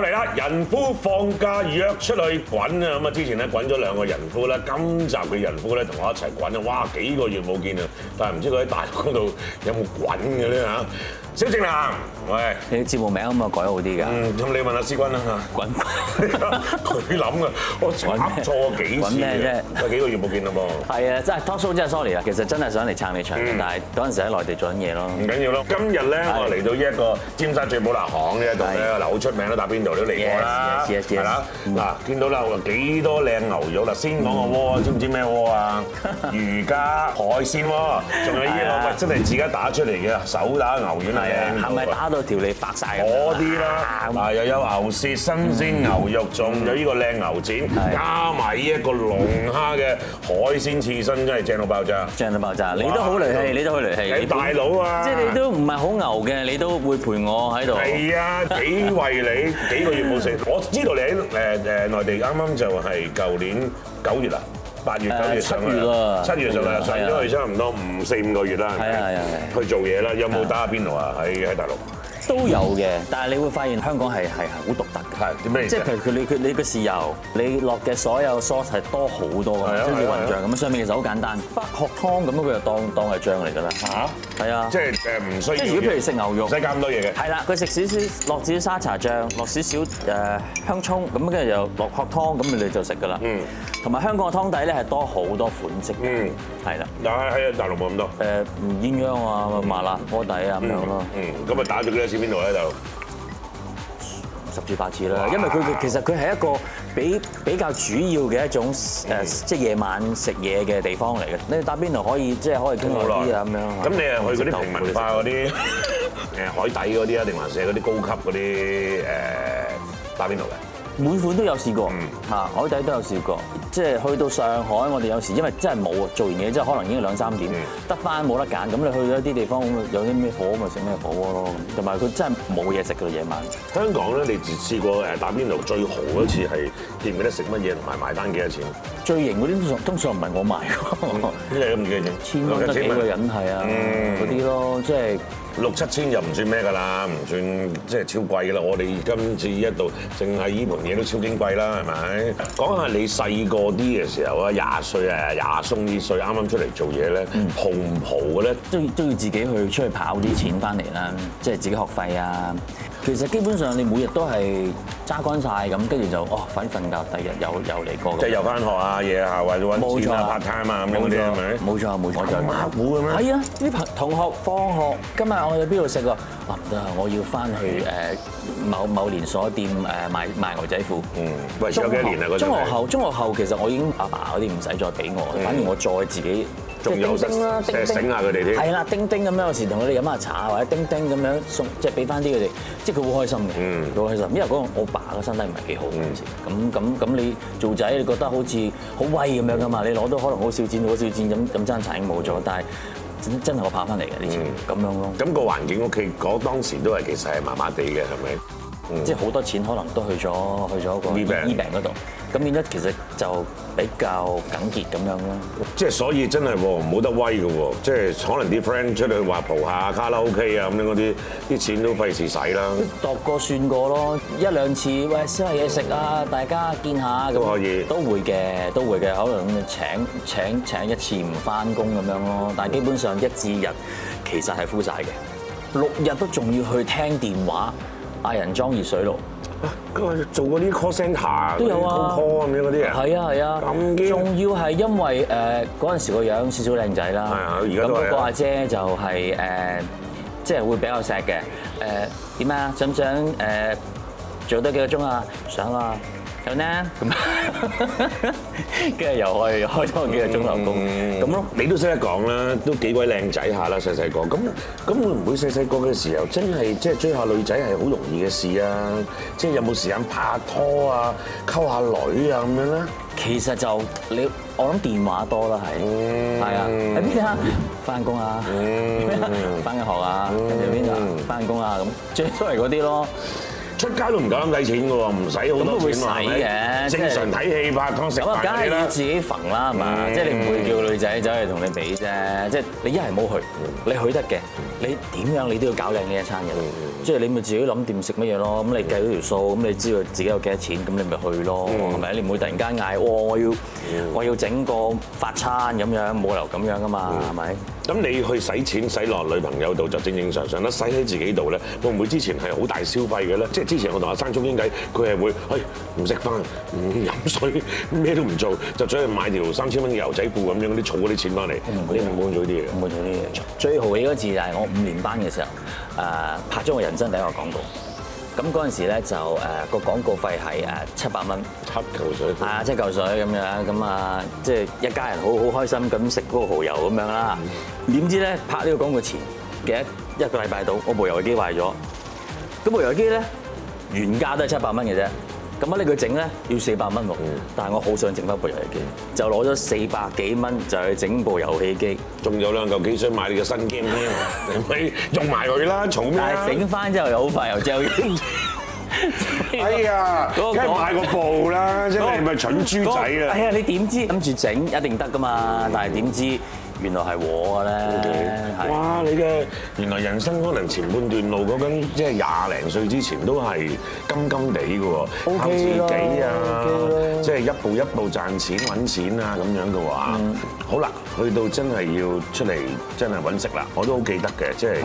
嚟啦！人夫放假約出去滾啊！咁啊，之前咧滾咗兩個人夫咧，今集嘅人夫咧同我一齊滾啊！哇，幾個月冇見啊，但係唔知佢喺大陸嗰度有冇滾嘅咧嚇，蕭正楠。喂，你節目名咁啊，改好啲㗎。嗯，咁你問阿思君啦。滾滾，佢諗㗎，我坐錯幾次啫？有幾個月冇見啦噃。係啊，真係，talk show，真係 sorry 啊。其實真係想嚟撐你場，但、嗯、係嗰陣時喺內地做緊嘢咯。唔緊要咯。今日咧，我嚟到呢一個尖沙咀寶勒巷呢一度咧，嗱，好出名都打邊爐你都嚟過一 Yes, y 係啦。嗱，吧對見到啦，幾多靚牛肉啦？先講個鍋，知唔知咩鍋啊？魚膠海鮮鍋，仲有呢個真係自己打出嚟嘅手打牛丸嚟嘅。係咪打到？條脷白晒，嗰啲啦，嗱又有牛舌、新鮮牛肉，仲有呢個靚牛展，加埋呢一個龍蝦嘅海鮮刺身，真係正到爆炸！正到爆炸，你都好雷氣，你都好雷氣，你大佬啊！即係你都唔係好牛嘅，你都會陪我喺度。係啊，幾為你幾個月冇食？我知道你喺誒誒內地啱啱就係舊年九月啊，八月九月上七月啊，七月上嚟，上咗去差唔多五四五個月啦，係係係，去做嘢啦。有冇打下邊爐啊？喺喺大陸？都有嘅，但係你會發現香港係係係好獨特嘅，係咩？即係譬如佢你佢你個豉油，你落嘅所有蔬菜多好多嘅，跟住混醬咁，上面其實好簡單。北河湯咁樣佢就當當係醬嚟㗎啦嚇，係啊，即係誒唔需要。即係如果譬如食牛肉，唔使加咁多嘢嘅。係啦，佢食少少落少沙茶醬，落少少誒香葱，咁跟住就落河湯，咁你就食㗎啦。嗯，同埋香港嘅湯底咧係多好多款式嘅，係啦。嗱喺喺大陸冇咁多誒，鴛鴦啊、麻辣鍋底啊咁樣咯。嗯，咁啊打咗幾多錢？邊爐咧就十次八次啦，因為佢其實佢係一個比比較主要嘅一種誒、呃，即係夜晚食嘢嘅地方嚟嘅。你打邊爐可以即係可以傾下啲啊，咁樣、嗯。咁吧你係去嗰啲平民化嗰啲誒海底嗰啲啊，定還是嗰啲高級嗰啲誒打邊爐嘅？每款都有試過，嚇、mm. 海底都有試過，即係去到上海，我哋有時因為真係冇啊，做完嘢之後可能已經兩三點，得翻冇得揀，咁你去咗啲地方，咁有啲咩火咪食咩火鍋咯，同埋佢真係冇嘢食嘅夜晚。香港咧，你試過誒打邊爐最好嗰次係記唔記得食乜嘢同埋埋單幾多錢？最型嗰啲通常唔係我埋，千蚊得幾個人係啊嗰啲咯，即係。六七千就唔算咩㗎啦，唔算即係超貴啦。我哋今次一度淨係依盤嘢都超矜貴啦，係咪？講下你細個啲嘅時候啊，廿歲啊，廿鬆啲歲，啱啱出嚟做嘢咧，豪唔豪嘅咧，都都要自己去出去跑啲錢翻嚟啦，嗯、即係自己學費啊。其實基本上你每日都係揸乾晒，咁，跟住就哦反瞓覺，第二日又又嚟過。即係又返學啊嘢啊，或者揾錢啊 part time 啊咁嗰啲係咪？冇錯冇錯，打孖股咁樣。係啊，啲同學放學，今日我去邊度食喎？哇，唔得啊，我要返去誒某某連鎖店誒買買牛仔褲。嗯，喂，有幾幾年啊嗰種？中學後，中學後其實我已經阿爸嗰啲唔使再俾我，對 反而我再自己。仲有常常醒叮啦，叮叮下佢哋啲係啦，叮叮咁樣，有時同佢哋飲下茶或者叮叮咁樣送，即係俾翻啲佢哋，即係佢好開心嘅，嗯，好開心。因為嗰個我爸嘅身體唔係幾好，咁咁咁你做仔，你覺得好似好威咁樣噶嘛？你攞到可能好少錢，好少錢咁飲餐茶已經冇咗，但係真係我拍翻嚟嘅，呢咁樣咯。咁個環境屋企嗰當時都係其實係麻麻地嘅，係咪？即係好多錢可能都去咗去咗個醫病嗰度。咁變咗其實就比較緊結咁樣咯，即係所以真係冇得威嘅喎，即係可能啲 friend 出嚟話蒲下卡拉 OK 啊咁樣嗰啲，啲錢都費事使啦。度過算過咯，一兩次喂燒下嘢食啊，嗯、大家見下咁都可以都，都會嘅都會嘅，可能請請請一次唔翻工咁樣咯，但係基本上一至日其實係敷晒嘅，六日都仲要去聽電話，嗌人裝熱水爐。跟住做嗰啲 call center 都有啊，咁樣嗰啲啊，係啊係啊，仲肌要係因為誒嗰陣時樣個樣少少靚仔啦，係啊，而家都阿姐就係、是、誒，即係會比較錫嘅誒，點啊？想唔想誒做多幾個鐘啊？想啊。咁啦，咁跟住又開開多幾個鐘頭工，咁咯。你都識得講啦，都幾鬼靚仔下啦，細細個。咁咁會唔會細細個嘅時候真係即係追下女仔係好容易嘅事啊？即係有冇時間拍下拖啊、溝下女啊咁樣咧？其實就你我諗電話多啦，係係啊，喺邊啊？翻工啊？咩啊？翻緊學啊？跟住邊啊？翻工啊？咁追都係嗰啲咯。出街都唔夠咁使錢嘅喎，唔使好多錢啊！會使嘅正常睇戲拍拖食飯，梗係自己揈啦，係嘛？即係你唔會叫女仔走嚟同你比啫。嗯、即係你一係冇去，嗯、你去得嘅，嗯、你點樣你都要搞靚呢一餐嘅。即係你咪自己諗掂食乜嘢咯，咁你計好條數，咁你知道自己有幾多錢，咁你咪去咯，係咪？你唔會突然間嗌，我要我要整個法餐咁樣，冇理由咁樣㗎嘛，係咪？咁你去使錢使落女朋友度就正正常常啦，使喺自己度咧，會唔會之前係好大消費嘅咧？即係之前我同阿生中傾偈，佢係會去唔食飯、唔飲水、咩都唔做，就走去買條三千蚊嘅牛仔褲咁樣嗰啲，儲嗰啲錢翻嚟，你唔會做啲嘢。唔會做啲嘢。最豪氣嗰次就係我五年班嘅時候。誒拍咗我人生第一個廣告，咁嗰陣時咧就誒個、呃、廣告費係誒七百蚊，啊，七嚿水，啊七嚿水咁樣，咁啊即係一家人好好開心咁食嗰個蠔油咁樣啦。點、嗯、知咧拍呢個廣告前嘅一一個禮拜度，我部遊戲機壞咗，咁部遊戲機咧原價都係七百蚊嘅啫。咁啊！你佢整咧要四百蚊喎，但係我好想整翻部遊戲機，就攞咗四百幾蚊就去整部遊戲機，仲有兩嚿機箱買你個新 game 添， 你用埋佢啦，重咩？整翻之後又好快又之後。哎呀，梗係買個部啦，真係唔係蠢豬仔啊、嗰個！哎呀，你點知諗住整一定得㗎嘛？但係點知？原來係我嘅咧，Okay. 是的 哇！你嘅原來人生可能前半段路嗰段，即係廿零歲之前都係金金地嘅喎，靠 Okay. 自己啊，即係 Okay. 一步一步賺錢揾錢啊咁樣嘅話，mm hmm. 好啦，去到真係要出嚟真係揾食啦，我都好記得嘅，即、就、係、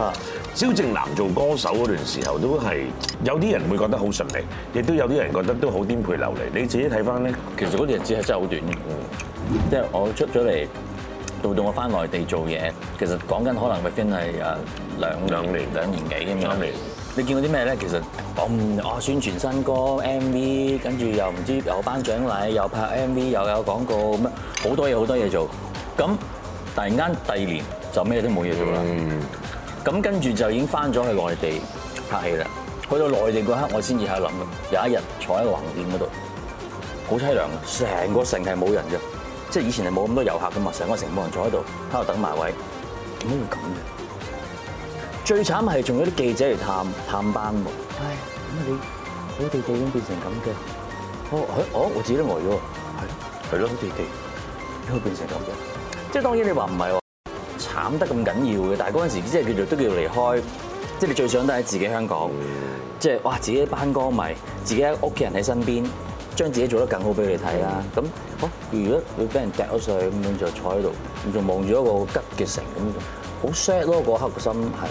是、蕭正楠做歌手嗰段時候都係有啲人會覺得好順利，亦都有啲人覺得都好顛沛流離。你自己睇翻咧，其實嗰段日子係真係好短嘅，即、嗯、係、就是、我出咗嚟。做到我翻內地做嘢，其實講緊可能咪 friend 係兩年，兩年幾咁樣。年年你見過啲咩咧？其實，哦哦，宣傳新歌 MV，跟住又唔知有頒獎禮，又拍 MV，又有廣告，咁好多嘢好多嘢做。咁突然間第二年就咩都冇嘢做啦。咁跟住就已經翻咗去內地拍戲啦。去到內地嗰刻，我先至喺度諗嘅。有一日坐喺橫店嗰度，好淒涼，成個城係冇人嘅。即係以前係冇咁多遊客噶嘛，成個城冇人，坐喺度，喺度等埋位，點解會咁嘅？最慘係仲有啲記者嚟探探班喎。係、哎，咁你好地地已經變成咁嘅、哦哎。哦，我自己都呆咗。係，係、嗯、咯，好的地地，點解變成咁嘅？即係當然你話唔係喎，慘得咁緊要嘅。但係嗰陣時即係叫做都叫離開，即係你最想都喺自己香港，即係、嗯就是、哇自己班歌迷，自己屋企人喺身邊。將自己做得更好俾佢睇啦。咁、啊，如果要俾人掟咗上去，咁樣就坐喺度，仲望住一個吉嘅城咁，好 sad 咯！嗰刻個心係。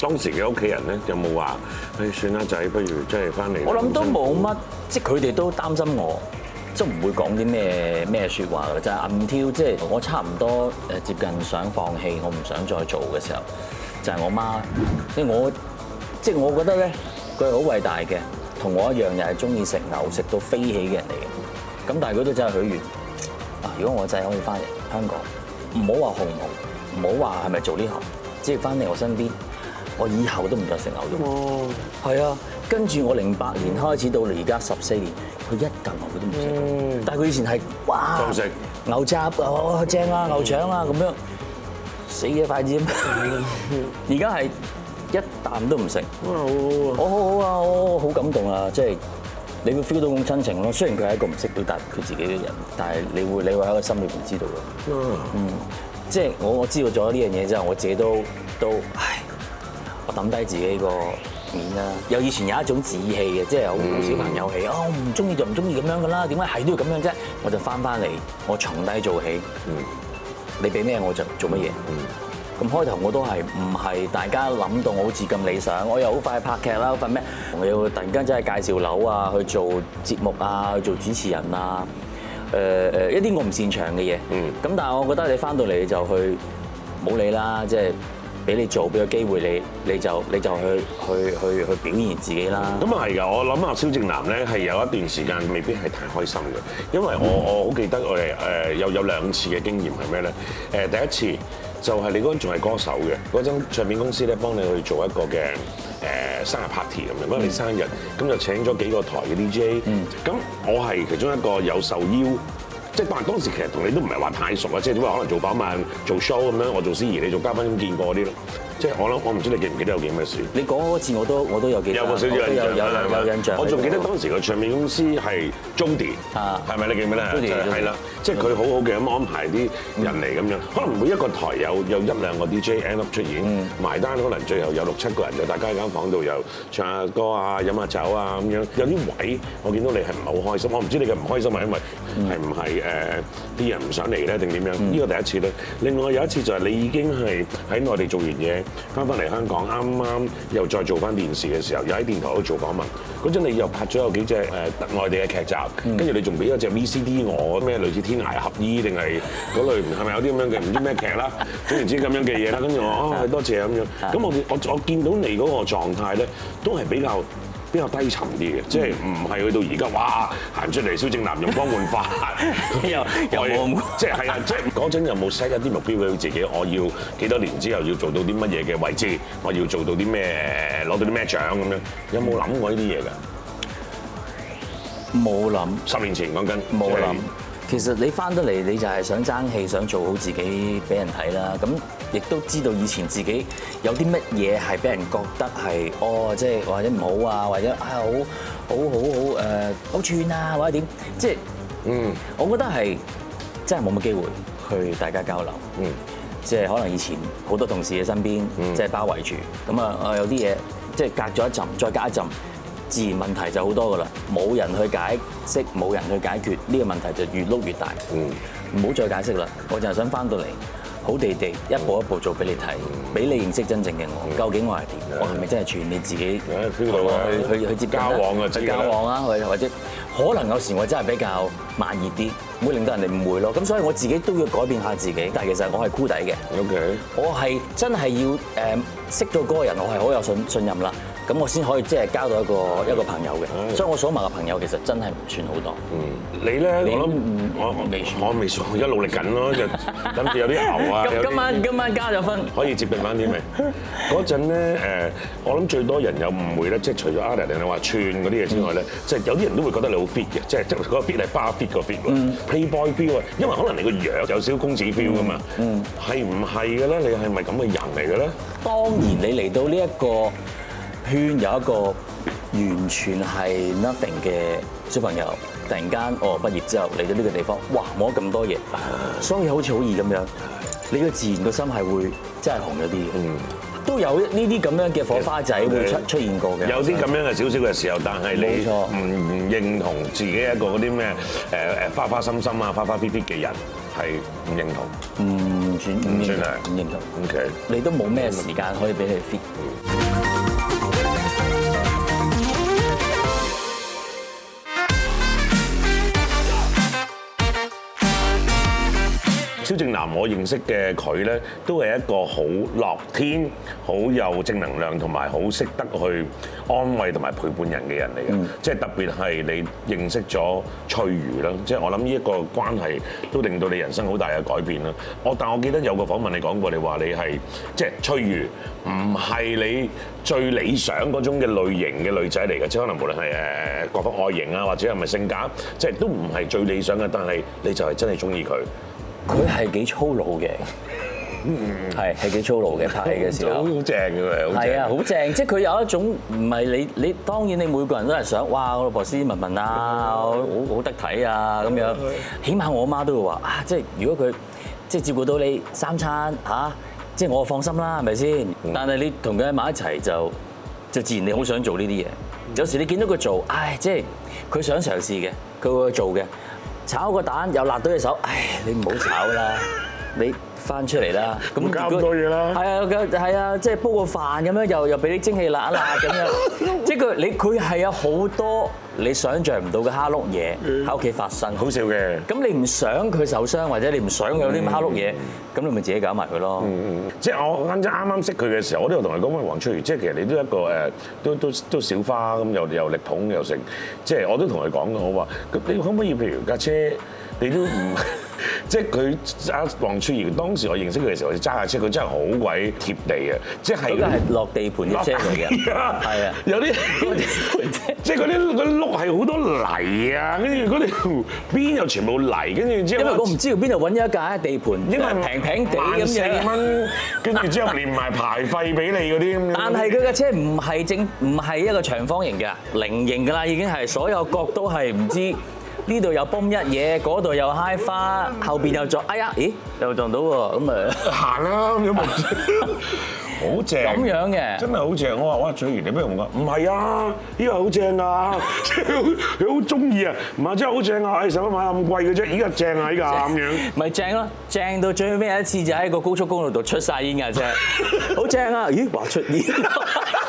當時嘅屋企人咧，有冇話？誒、哎，算啦，仔，不如即係翻嚟。我諗都冇乜，即係佢哋都擔心我，即係唔會講啲咩咩説話㗎。就係暗挑，即係我差唔多誒接近想放棄，我唔想再做嘅時候，就係、是、我媽。即我，即係我覺得咧，佢係好偉大嘅。同我一樣又係中意食牛食到飛起嘅人嚟嘅，咁但係佢都真係許願。嗱，如果我仔可以翻嚟香港，唔好話紅唔紅，唔好話係咪做呢行，即係翻嚟我身邊，我以後都唔再食牛肉。哦，係啊，跟住我零八年開始到嚟而家十四年，佢一嚿牛佢都唔食。但係佢以前係哇，牛雜啊正啊，牛腸啊咁樣，死嘢筷子。而家係。 一啖都唔食，好好好啊，我好，好，好，好感動啊，即係你會 feel 到咁親情咯。雖然佢係一個唔識表達佢自己嘅人，但係你會，你會喺個心裏面知道咯。嗯，即係我我知道咗呢樣嘢之後，我自己都都唉，我抌低自己個面啦。又以前有一種志氣嘅，即係好小朋友氣啊。嗯 oh, 我唔中意就唔中意咁樣噶啦，點解係都要咁樣啫？我就翻返嚟，我從低做起，嗯、你俾咩我就做乜嘢。咁開頭我都係唔係大家諗到我好似咁理想，我又好快拍劇啦，份咩？我要突然間真係介紹樓啊，去做節目啊，去做主持人啊，誒、呃、誒、呃、一啲我唔擅長嘅嘢。咁、嗯、但係我覺得你翻到嚟就去冇理啦，即係俾你做，俾個機會你，你就你就去去去去表現自己啦。咁啊係噶，我諗啊，蕭正楠咧係有一段時間未必係太開心嘅，因為我我好記得我誒有有兩次嘅經驗係咩咧？誒第一次。就係你嗰陣仲係歌手嘅，嗰陣唱片公司咧幫你去做一個嘅誒生日 party 咁樣，因為你生日咁、嗯、就請咗幾個台嘅 DJ，咁、嗯、我係其中一個有受邀，即係當當時其實同你都唔係話太熟啊，即係點解可能做訪問、做 show 咁樣，我做司儀，你做嘉賓，見過啲。度。即係我諗，我唔知你記唔記得有幾咩事？你講嗰次我都我都記得有記。有個小印象，有有有印象。吧我仲記得當時個唱片公司係 Jody 啊，係咪你記唔記得？Jody 係啦，即係佢好好嘅咁安排啲人嚟咁樣，可能每一個台有有一兩個 DJ end up 出現，埋單，嗯、可能最後有六七個人就大家喺間房度又唱下歌啊、飲下酒啊咁樣。有啲位我見到你係唔係好開心？我唔知你嘅唔開心係因為係唔係誒啲人唔想嚟咧，定點樣？呢個、嗯、第一次咧。另外有一次就係你已經係喺內地做完嘢。翻翻嚟香港，啱啱又再做翻電視嘅時候，又喺電台度做訪問。嗰陣你又拍咗有幾隻誒外地嘅劇集，跟住你仲俾咗隻 VCD 我咩？類似《天涯合衣》定係嗰類，係咪有啲咁樣嘅唔知咩劇啦？總言之咁樣嘅嘢啦。跟住我哦，多謝咁樣。咁我我我見到你嗰個狀態咧，都係比較。比較低沉啲嘅，即係唔係去到而家哇，行出嚟蕭正楠容光煥發？又又即係係啊，即係講真，有冇 set 一啲目標俾自己？我要幾多年之後要做到啲乜嘢嘅位置？我要做到啲咩？攞到啲咩獎咁樣？嗯、有冇諗過呢啲嘢㗎？冇諗。十年前講緊冇諗。想其實你翻得嚟，你就係想爭氣，想做好自己俾人睇啦。咁亦都知道以前自己有啲乜嘢係俾人覺得係哦，即係或者唔好啊，或者啊好好好好誒好串啊，或者點？即係，嗯，我覺得係真係冇乜機會去大家交流。嗯，即係可能以前好多同事嘅身邊即係、嗯、包圍住，咁啊，我有啲嘢即係隔咗一陣，再隔一陣。自然問題就好多噶啦，冇人去解釋，冇人去解決呢，這個問題就越碌越大。嗯，唔好再解釋啦，我就係想翻到嚟好地地一步一步做俾你睇，俾、嗯、你認識真正嘅我。嗯、究竟我係點？的我係咪真係全你自己？誒，去去接知道啦，去去去交往啊，交往啊，或或者可能有時我真係比較慢熱啲，會令到人哋誤會咯。咁所以我自己都要改變下自己。但係其實我係箍底嘅，的我係真係要誒識到嗰個人，我係好有信信任啦。咁我先可以即係交到一個一個朋友嘅，所以我所問嘅朋友其實真係唔算好多。嗯，你咧，我諗我未，我未熟，我而家努力緊咯，就諗住有啲牛啊。今今晚今晚加咗分，可以接定翻啲未？嗰陣咧誒，我諗最多人有誤會咧，即係除咗 a 阿達定你話串嗰啲嘢之外咧，即係有啲人都會覺得你好 fit 嘅，即係即係嗰個 fit 係巴 fit 個 fit 喎，playboy feel 啊，因為可能你個樣有少少公子 feel 噶嘛，嗯，係唔係嘅咧？你係咪咁嘅人嚟嘅咧？當然你嚟到呢一個。圈有一個完全係 nothing 嘅小朋友，突然間哦畢業之後嚟到呢個地方，哇冇咁多嘢，所以好似好易咁樣，你個自然個心係會真係紅咗啲。嗯，都有呢啲咁樣嘅火花仔會出出現過嘅。有啲咁樣嘅少少嘅時候，但係你唔認同自己一個嗰啲咩誒誒花花心心啊、花花 fit fit 嘅人，係唔認同，唔轉唔認同，唔認同。O K，的你都冇咩時間可以俾你 fit。蕭正楠，我認識嘅佢咧，都係一個好樂天、好有正能量同埋好識得去安慰同埋陪伴人嘅人嚟嘅。嗯、即係特別係你認識咗翠如啦，嗯、即係我諗呢一個關係都令到你人生好大嘅改變啦。我但我記得有個訪問你講過，你話你係即係翠如，唔係你最理想嗰種嘅類型嘅女仔嚟嘅，即係可能無論係誒、呃、各方外形啊，或者係咪性格，即係都唔係最理想嘅。但係你就係真係中意佢。佢係幾粗魯嘅，係，係幾粗魯嘅。拍戲嘅時候，好正嘅喎，係啊，好正！ 即係佢有一種唔係你，你當然你每個人都係想，哇！我老婆斯斯文文啊，好好得體啊咁樣。嗯嗯、起碼我媽，媽都會話啊，即係如果佢即係照顧到你三餐嚇、啊，即係我放心啦，係咪先？但係你同佢喺埋一齊就，就自然你好想做呢啲嘢。嗯、有時你見到佢做，唉、哎，即係佢想嘗試嘅，佢會做嘅。炒個蛋又辣到隻手，唉！你唔好炒啦，你。翻出嚟啦，咁加咁多嘢啦果，係啊，係啊，啊，啊，即係煲個飯咁樣，又又俾啲蒸汽焫一焫咁樣，即係佢你佢係有好多你想像唔到嘅哈碌嘢喺屋企發生、嗯，好笑嘅。咁、嗯、你唔想佢受傷，或者你唔想有啲哈碌嘢，咁你咪自己搞埋佢咯。嗯、即係我啱啱識佢嘅時候，我都有同佢講話黃翠如，即係其實你都一個誒、呃，都都都，都小花咁，又又力捧又成，即係我都同佢講嘅，我話你可唔可以譬如架車，你都唔。 即係佢阿黃翠如當時我認識佢嘅時候，我哋揸下車，佢真係好鬼貼地啊！即係嗰啲係落地盤嘅車嚟嘅，係啊，的有啲些 即係嗰啲碌啲係好多泥啊，跟住嗰條邊又全部泥，跟住之後因為我唔知道邊度揾咗一架地盤，因為平平地咁樣，萬四蚊，跟住之後連埋排費俾你嗰啲。 但係佢架車唔係正，唔係一個長方形嘅菱形㗎啦，已經係所有角都係唔知。 呢度又崩一嘢，嗰度又揩花，嗯、後邊又撞，哎呀，咦，又撞到喎，咁咪行啦，咁、這個就是、樣，好正，咁樣嘅，真係好正，我話哇，翠如你咩用啊？唔係啊，依個好正㗎，佢好中意啊，唔係真係好正啊，你使乜買咁貴嘅啫？依個正啊，依家！咁樣，咪正咯，正到最尾一次就喺個高速公路度出晒煙㗎啫，好正啊，咦，話出煙。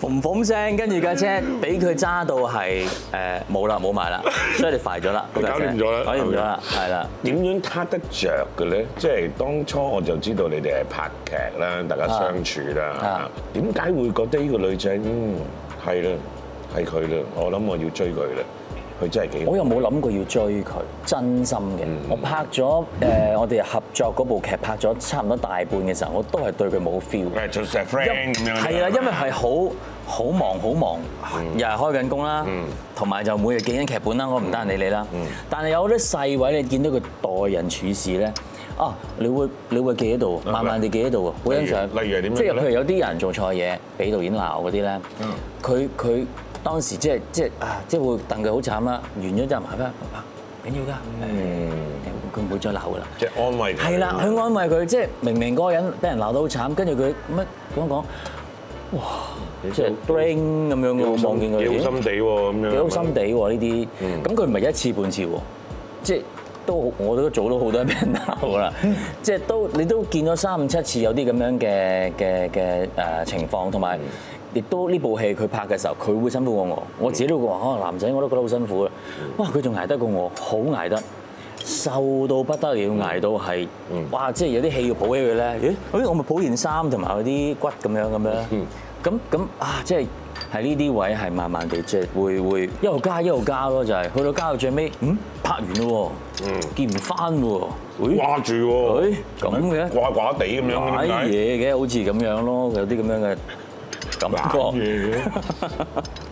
縫縫聲，跟住架車俾佢揸到係誒冇啦，冇埋啦， 所以你快咗啦，搞掂咗啦， 搞掂咗啦，係啦吧，點吧樣卡得着嘅咧？即係當初我就知道你哋係拍劇啦，大家相處啦，點解會覺得呢個女仔嗯，係咧，係佢咧？我諗我要追佢咧。佢真係幾，我又冇諗過要追佢，真心嘅。我拍咗誒，我哋合作嗰部劇拍咗差唔多大半嘅時候，我都係對佢冇 feel。係做咁樣咧。係啦，因為係好好忙，好忙，又係開緊工啦，同埋就每日記緊劇本啦，我唔得閒理你啦。但係有啲細位，你見到佢待人處事咧，啊，你會你會記喺度，慢慢地記喺度，好欣賞。例如係點？即係譬如有啲人做錯嘢，俾導演鬧嗰啲咧，佢佢。當時即係即係啊，即係會戥佢好慘啦，完咗就埋啦，唔、啊、緊要噶，佢、啊、唔、欸、會再鬧噶啦。即係安慰佢。係啦，去安慰佢，即係明明嗰個人俾人鬧到好慘，跟住佢乜咁講講，哇，即係好 drain 咁樣嘅，我望見佢好心地喎，咁樣。幾、嗯、好心地喎，呢啲，咁佢唔係一次半次喎，即係 都我都做咗好多俾人鬧噶啦，即係都你都見咗三五七次有啲咁樣嘅嘅嘅誒情況，同埋。亦都呢部戲佢拍嘅時候，佢會辛苦過我。嗯、我自己都話，可能男仔我都覺得好、哦、辛苦嘅。哇！佢仲捱得過我，好捱得，瘦到不得了，捱到係，哇！即係有啲戲要補起佢咧。咦？我咪補件衫同埋嗰啲骨咁樣咁樣。咁咁、嗯、啊！即係喺呢啲位係慢慢地，即係會會一路加一路加咯，就係、是、去到加到最尾，嗯，拍完咯，嗯見，見唔翻喎。掛住著喎、啊。咁嘅？掛掛地咁樣。擺嘢嘅，好似咁樣咯，有啲咁樣嘅。講嘢，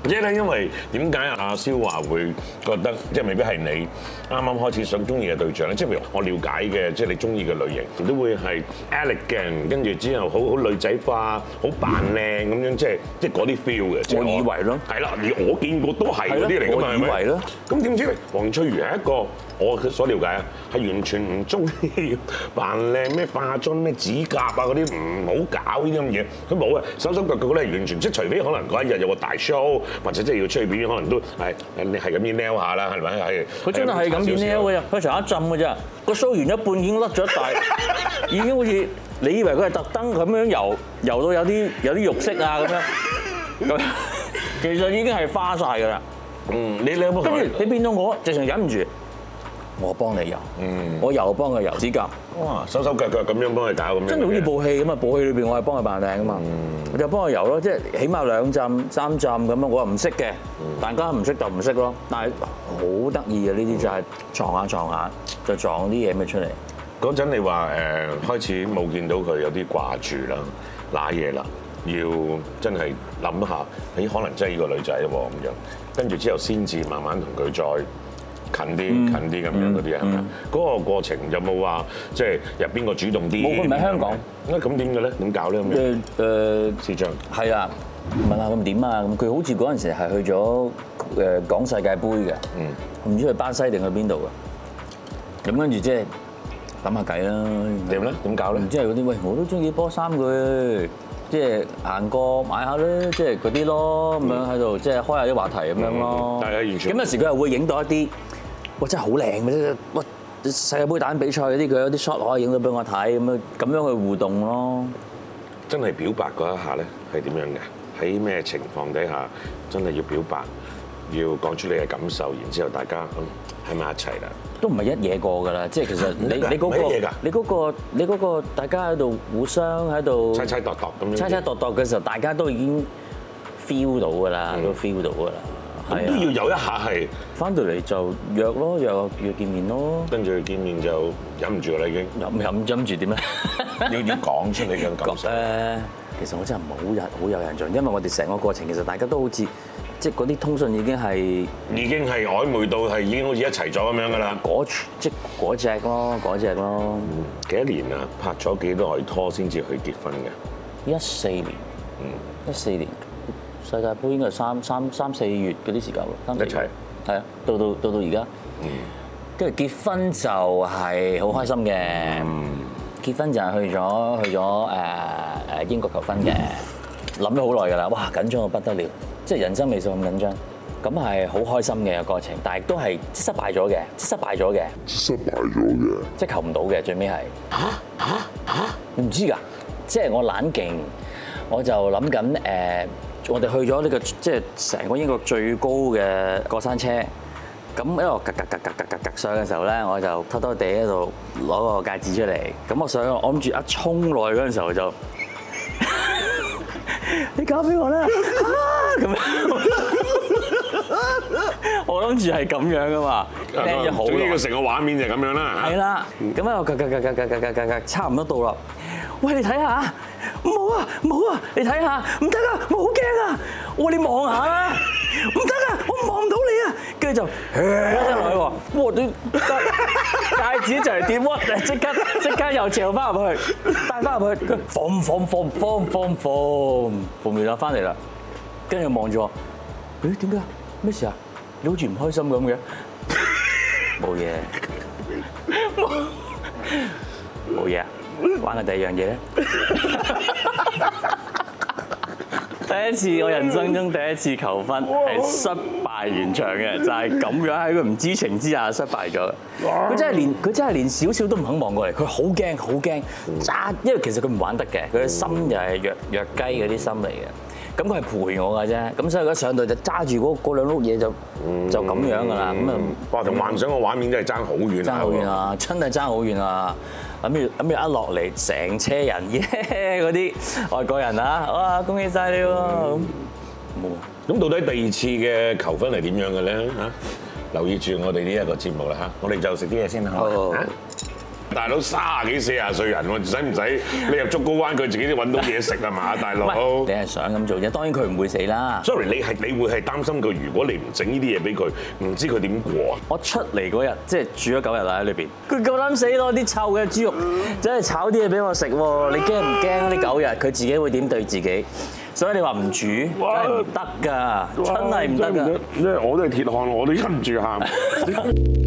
即係咧，因為點解阿阿蕭華會覺得即係未必係你啱啱開始想中意嘅對象咧？即譬如我了解嘅，即係你中意嘅類型，都會係 elegant，跟住之後好好女仔化，好扮靚咁樣，即係即係嗰啲 feel 嘅。我以為咯，係啦，而我見過都係嗰啲嚟㗎嘛。我以為咯，咁點知黃翠如係一個我所了解啊，係完全唔中意扮靚咩化妝咩指甲啊，嗰啲唔好搞呢啲咁嘢。佢冇啊，手手腳腳咧。完全即係除非可能嗰一日有個大 show，或者即係要出去表演，可能都係你係咁樣 l 下啦，係咪啊？佢真係係咁樣 l 嘅，佢成一浸嘅啫。個 show 完一半已經甩咗一大，已經好似你以為佢係特登咁樣游，游到有啲有啲肉色啊咁樣， 咁其實已經係花晒㗎啦。嗯，你兩部，跟住你變到我直情忍唔住。我幫你遊，我遊幫佢游指甲，哇，手手腳腳咁樣幫佢搞咁樣，真係好似部戲咁啊！部戲裏邊我係幫佢扮靚啊嘛，我就幫佢游咯，即係起碼兩浸三浸咁樣，我又唔識嘅，大家唔識就唔識咯。但係好得意嘅呢啲就係撞下撞下就撞啲嘢咩出嚟。嗰陣你話誒、呃、開始冇見到佢有啲掛住啦，瀨嘢啦，要真係諗下，咦？可能真係呢個女仔喎咁樣。跟住之後先至慢慢同佢再。近啲，近啲咁樣嗰啲啊！嗰個過程有冇話即係入邊個主動啲？冇，佢唔係香港。啊咁點嘅咧？點搞咧？誒誒，時長係啊，問下佢點啊？咁佢好似嗰陣時係去咗誒講世界盃嘅，唔知係巴西定去邊度嘅。咁跟住即係諗下計啦。點咧？點搞咧？唔知係嗰啲喂，我都中意波衫佢，即係行過買下咧，即係嗰啲咯，咁樣喺度即係開下啲話題咁樣咯。但係，完全。咁有時佢又會影到一啲。我真係好靚嘅啫！哇，世界盃打緊比賽嗰啲，佢有啲 shot 可以影到俾我睇，咁樣咁樣去互動咯。真係表白嗰一下咧，係點樣嘅？喺咩情況底下真係要表白？要講出你嘅感受，然之後大家咁喺埋一齊啦。都唔係一嘢過噶啦，即係其實你是是你嗰、嗰個你嗰、嗰個你嗰、嗰個嗰個、大家喺度互相喺度，猜猜度度咁樣，猜猜度度嘅時候，大家都已經 feel 到噶啦，嗯、都 feel 到噶啦。嗯都要有一下係，翻到嚟就約咯，約見面咯。跟住見面就忍唔住啦，已經。忍忍忍唔住點咧？要點講出嚟嘅感受？誒，其實我真係唔係好有印象，因為我哋成個過程其實大家都好似，即係嗰啲通訊已經係，已經係曖昧到係已經好似一齊咗咁樣噶啦。嗰即嗰隻咯，嗰隻咯。嗯，幾多年啊？拍咗幾耐拖先至去結婚嘅？一四年。嗯。一四年。世界盃應該係三三三四月嗰啲時間咯，3, 一齊係啊！到到到到而家，跟住、嗯、結婚就係好開心嘅。嗯、結婚就係去咗去咗誒誒英國求婚嘅，諗咗好耐㗎啦！哇，緊張到不得了，即係人生未數咁緊張，咁係好開心嘅過程，但係都係失敗咗嘅，失敗咗嘅，失敗咗嘅，即係求唔到嘅，最尾係嚇嚇嚇！你唔、啊啊、知㗎？即、就、係、是、我冷靜，我就諗緊誒。我哋去咗呢個即係成個英國最高嘅過山車，咁喺度，格格格格格格上嘅時候咧，我就偷偷地喺度攞個戒指出嚟。咁我想我諗住一衝落去嗰陣時候就，你搞俾我啦，咁樣我諗住係咁樣㗎嘛，靚就好。總之成個畫面就係咁樣啦。係啦，咁啊格格格格格格格差唔多到啦。喂，你睇下，唔好啊，唔好啊，你睇下，唔得啊，我好驚啊，啊，啊！我話你望下啊，唔得啊，我望唔到你啊。跟住就，一聲女話：，哇！啲戒指墜跌，哇！即刻即刻又搶翻入去，帶翻入去，放放放放放放，放，放，放完又翻嚟啦。跟住望住我，誒點解啊？咩事啊？你好似唔開心咁嘅。冇嘢事，冇有，冇嘢。玩嘅第二樣嘢咧， 第一次我人生中第一次求婚係失敗完場嘅，就係、是、咁樣喺佢唔知情之下失敗咗。佢哇 真係連佢真係連少少都唔肯望過嚟，佢好驚好驚，揸，因為其實佢唔玩得嘅，佢嘅心就係弱弱雞嗰啲心嚟嘅。咁佢係陪我嘅啫，咁所以佢上到就揸住嗰兩碌嘢就就咁樣噶啦。咁啊、嗯，嗯、就哇，同幻想嘅畫面真係爭好遠啊！爭好覺遠啊！真係爭好遠啊！諗住咁要一落嚟，成車人嗰啲 外國人啊，哇！恭喜晒你喎！咁咁、嗯、吧到底第二次嘅求婚係點樣嘅咧？嚇，留意住我哋呢一個節目啦嚇，我哋就食啲嘢先啦。好吧大佬卅幾四啊歲人喎，使唔使你入竹篙灣，佢自己都揾到嘢食啊嘛，大佬。你係想咁做啫，當然佢唔會死啦。Sorry，你係你會係擔心佢，如果你唔整呢啲嘢俾佢，唔知佢點過啊。我出嚟嗰日即係住咗九日啦喺裏邊，佢夠膽死咯，啲臭嘅豬肉，真係炒啲嘢俾我食喎。你驚唔驚呢九日？佢 自己會點對自己？所以你話唔煮，哇真係唔得㗎，真係唔得㗎。即係我都係鐵漢，我都忍唔住喊。